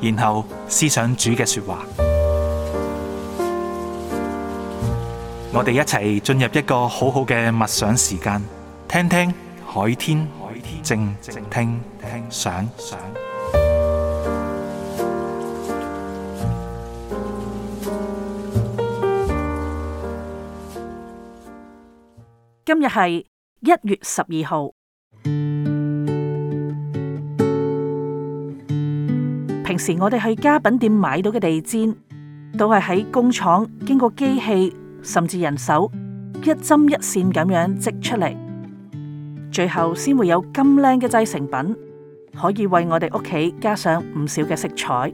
然後思想主嘅說話，我哋一齊進入一個好好嘅默想時間，聽聽海天靜聽想。今日係一月十二號。時我哋去家品店買到嘅地氈，都係喺工廠經過機器甚至人手一針一線咁樣織出嚟，最後先會有咁靚嘅製成品，可以為我哋屋企加上唔少嘅色彩。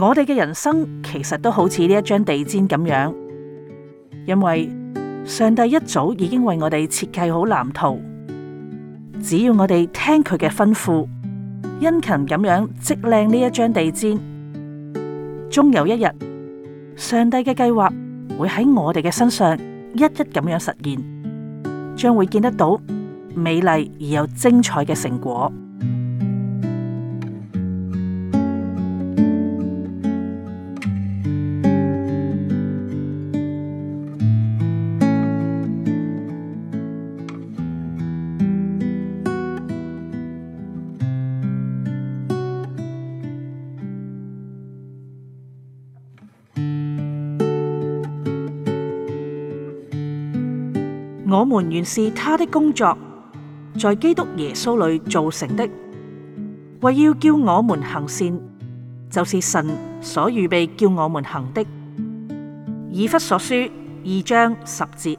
我哋嘅人生其實都好似呢一張地氈咁樣，因為上帝一早已經爲我哋設計好藍圖，只要我哋聽佢嘅吩咐，殷勤咁樣織靚呢一張地氈，終有一日，上帝嘅計劃會喺我哋嘅身上一一咁樣實現，將會見得到美麗而又精彩嘅成果。我們原是他的工作，在基督耶穌裏造成的，為要叫我們行善，就是神所預備叫我們行的。以弗所書二章十節。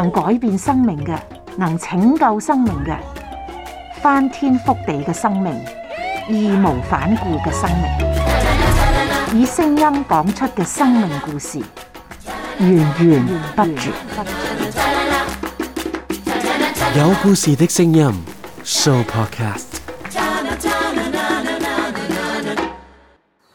能改變生命嘅，能拯救生命嘅，翻天覆地嘅生命，義無反顧嘅生命，以聲音講出嘅生命故事，源源不絕。有故事的聲音，Show Podcast。